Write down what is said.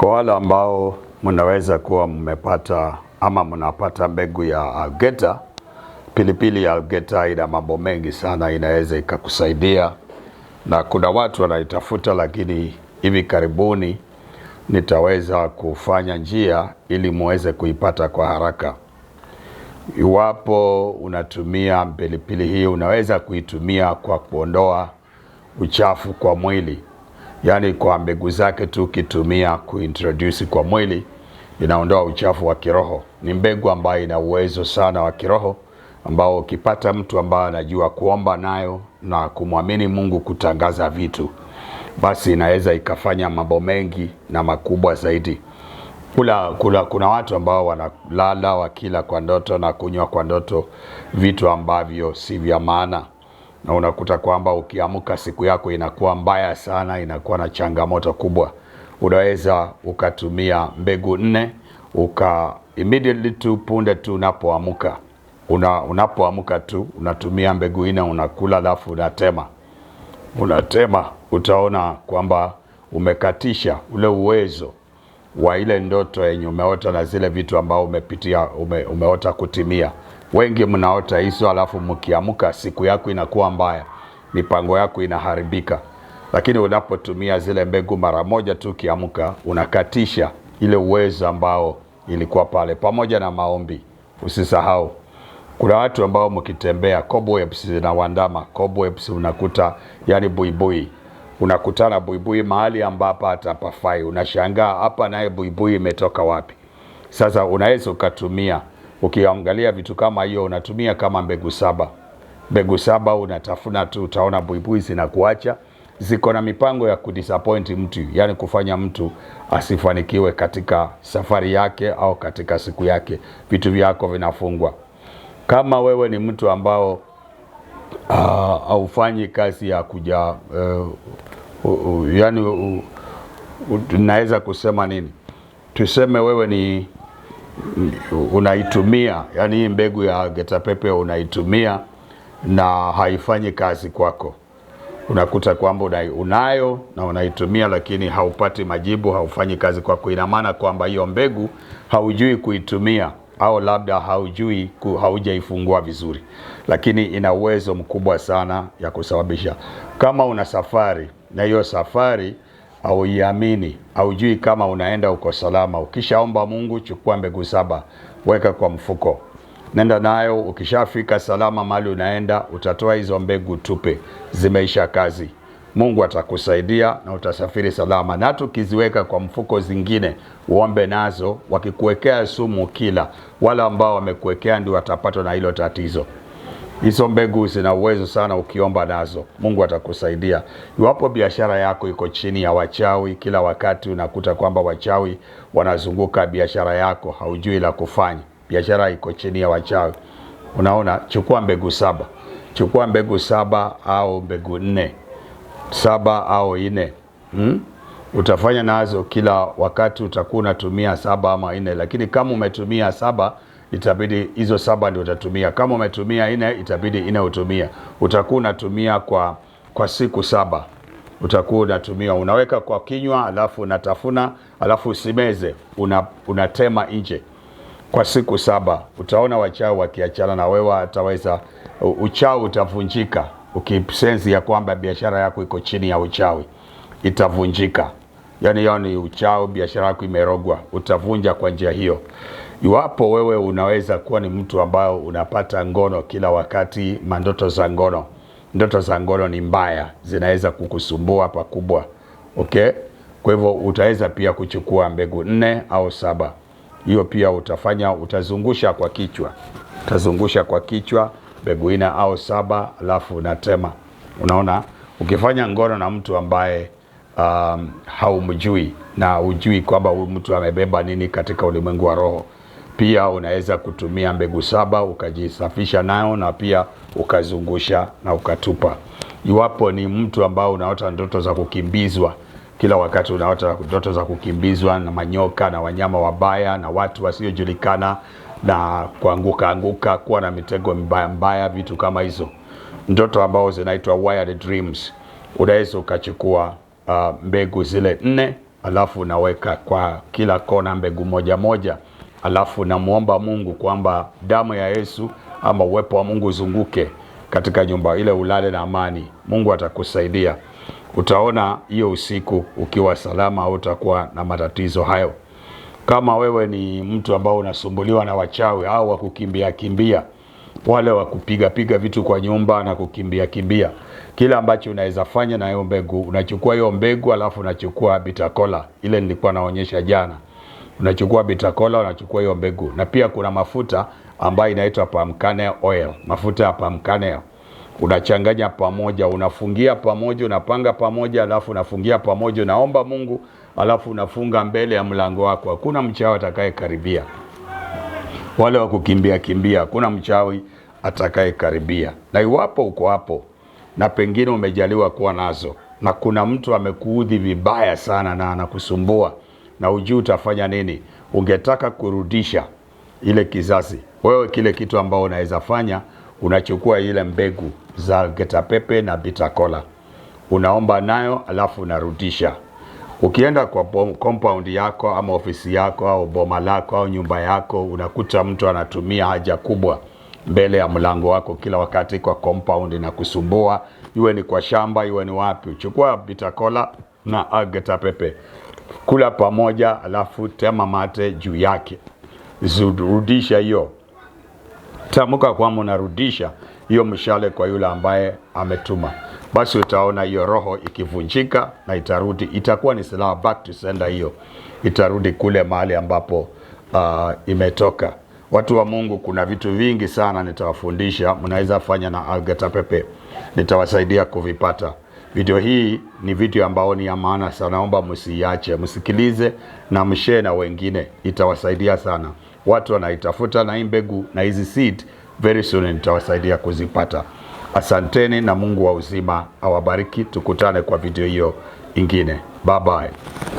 Kwa wale ambao mnaweza kuwa mmepata ama mnapata mbegu ya algeta, pilipili ya algeta ina mambo mengi sana, inaweza ikakusaidia, na kuna watu wanaitafuta, lakini hivi karibuni nitaweza kufanya njia ili muweze kuipata kwa haraka. Iwapo unatumia pilipili hii, unaweza kuitumia kwa kuondoa uchafu kwa mwili yaani kwa mbegu zake tu kitumia kuintroduce kwa mwili inaondoa uchafu wa kiroho. Ni mbegu ambayo ina uwezo sana wa kiroho ambao ukipata mtu ambaye anajua kuomba nayo na kumwamini Mungu kutangaza vitu, basi inaweza ikafanya mambo mengi na makubwa zaidi. Kula, kula, kuna watu ambao wanalala wakila kwa ndoto na kunywa kwa ndoto vitu ambavyo si vya maana na unakuta kwamba ukiamka siku yako inakuwa mbaya sana, inakuwa na changamoto kubwa. Unaweza ukatumia mbegu nne uka immediately tu punde tu unapoamka una, unapoamka tu unatumia mbegu nne unakula, alafu unatema unatema, utaona kwamba umekatisha ule uwezo wa ile ndoto yenye umeota na zile vitu ambao umepitia ume, umeota kutimia. Wengi mnaota hizo, alafu mkiamka siku yako inakuwa mbaya, mipango yako inaharibika. Lakini unapotumia zile mbegu mara moja tu ukiamka, unakatisha ile uwezo ambao ilikuwa pale, pamoja na maombi. Usisahau, kuna watu ambao mkitembea cobwebs zinawandama, cobwebs unakuta, yani buibui unakutana buibui mahali ambapo hata pafai, unashangaa hapa naye buibui imetoka wapi? Sasa unaweza ukatumia Ukiangalia vitu kama hiyo, unatumia kama mbegu saba. Mbegu saba unatafuna tu, utaona buibui zinakuacha ziko na mipango ya kudisappoint mtu, yani kufanya mtu asifanikiwe katika safari yake au katika siku yake. Vitu vyako vinafungwa. Kama wewe ni mtu ambao ah, haufanyi uh, kazi ya kuja uh, uh, uh, yani uh, uh, naweza kusema nini? Tuseme wewe ni unaitumia, yani hii mbegu ya getapepe unaitumia na haifanyi kazi kwako. Unakuta kwamba unayo na unaitumia, lakini haupati majibu, haufanyi kazi kwako. Ina maana kwamba hiyo mbegu haujui kuitumia au labda haujui ku, haujaifungua vizuri, lakini ina uwezo mkubwa sana ya kusababisha. Kama una safari na hiyo safari hauiamini, haujui kama unaenda uko salama. Ukishaomba Mungu, chukua mbegu saba, weka kwa mfuko, nenda nayo. Ukishafika salama mahali unaenda, utatoa hizo mbegu, tupe, zimeisha kazi. Mungu atakusaidia na utasafiri salama. Na hata ukiziweka kwa mfuko zingine uombe nazo, wakikuwekea sumu kila, wale ambao wamekuwekea ndio watapatwa na hilo tatizo. Hizo mbegu zina uwezo sana, ukiomba nazo Mungu atakusaidia. Iwapo biashara yako iko chini ya wachawi, kila wakati unakuta kwamba wachawi wanazunguka biashara yako, haujui la kufanya, biashara iko chini ya wachawi, unaona, chukua mbegu saba, chukua mbegu saba au mbegu nne, saba au nne hmm? Utafanya nazo kila wakati, utakuwa unatumia saba ama nne, lakini kama umetumia saba itabidi hizo saba ndio utatumia. Kama umetumia nne, itabidi nne utumia. Utakuwa unatumia kwa, kwa siku saba utakuwa unatumia, unaweka kwa kinywa, alafu unatafuna, alafu usimeze, una, unatema nje kwa siku saba. Utaona wachawi wakiachana na wewe, ataweza uchawi utavunjika. Ukisensi ya kwamba biashara yako iko chini ya uchawi, itavunjika. Yani hiyo ni uchawi, biashara yako imerogwa, utavunja kwa njia hiyo. Iwapo wewe unaweza kuwa ni mtu ambayo unapata ngono kila wakati, mandoto za ngono, ndoto za ngono ni mbaya, zinaweza kukusumbua pakubwa, okay. Kwa hivyo utaweza pia kuchukua mbegu nne au saba. Hiyo pia utafanya, utazungusha kwa kichwa, utazungusha kwa kichwa mbegu nne au saba, alafu unatema. Unaona, ukifanya ngono na mtu ambaye um, haumjui na ujui kwamba huyu mtu amebeba nini katika ulimwengu wa roho pia unaweza kutumia mbegu saba ukajisafisha nayo na pia ukazungusha na ukatupa. Iwapo ni mtu ambao unaota ndoto za kukimbizwa kila wakati, unaota ndoto za kukimbizwa na manyoka na wanyama wabaya na watu wasiojulikana na kuanguka anguka, kuwa na mitego mbaya mbaya, vitu kama hizo, ndoto ambao zinaitwa wired dreams, unaweza ukachukua uh, mbegu zile nne, alafu unaweka kwa kila kona mbegu moja moja alafu namwomba Mungu kwamba damu ya Yesu ama uwepo wa Mungu uzunguke katika nyumba ile, ulale na amani. Mungu atakusaidia, utaona hiyo usiku ukiwa salama, au utakuwa na matatizo hayo. Kama wewe ni mtu ambao unasumbuliwa na wachawi au wakukimbia kimbia, wale wakupigapiga vitu kwa nyumba na kukimbia kimbia, kila ambacho unaweza fanya na hiyo mbegu, unachukua hiyo mbegu, alafu unachukua bitakola ile nilikuwa naonyesha jana unachukua bitakola, unachukua hiyo mbegu, na pia kuna mafuta ambayo inaitwa palm kernel oil, mafuta ya palm kernel unachanganya pamoja, unafungia pamoja, unapanga pamoja, alafu unafungia pamoja, unaomba Mungu, alafu unafunga mbele ya mlango wako. Hakuna mchawi atakayekaribia, wale wa kukimbia kimbia, hakuna mchawi atakayekaribia. Na iwapo uko hapo na pengine umejaliwa kuwa nazo, na kuna mtu amekuudhi vibaya sana na anakusumbua na ujui utafanya nini, ungetaka kurudisha ile kizazi, wewe kile kitu ambao unaweza fanya, unachukua ile mbegu za getapepe na bitakola unaomba nayo, alafu unarudisha. Ukienda kwa compound yako ama ofisi yako au boma lako au nyumba yako, unakuta mtu anatumia haja kubwa mbele ya mlango wako kila wakati kwa compound na kusumbua, iwe ni kwa shamba, iwe ni wapi. Chukua bitakola na agetapepe kula pamoja, alafu tema mate juu yake, zurudisha hiyo tamka kwamba unarudisha hiyo mshale kwa yule ambaye ametuma, basi utaona hiyo roho ikivunjika na itarudi, itakuwa ni silaha back to sender. Hiyo itarudi kule mahali ambapo uh, imetoka. Watu wa Mungu, kuna vitu vingi sana nitawafundisha, mnaweza fanya na Algeta Pepe, nitawasaidia kuvipata. Video hii ni video ambayo ni ya maana sana, naomba msiiache, msikilize na mshare na wengine, itawasaidia sana. Watu wanaitafuta na hii mbegu na hizi seed, very soon nitawasaidia kuzipata. Asanteni na Mungu wa uzima awabariki. Tukutane kwa video hiyo ingine, bye bye.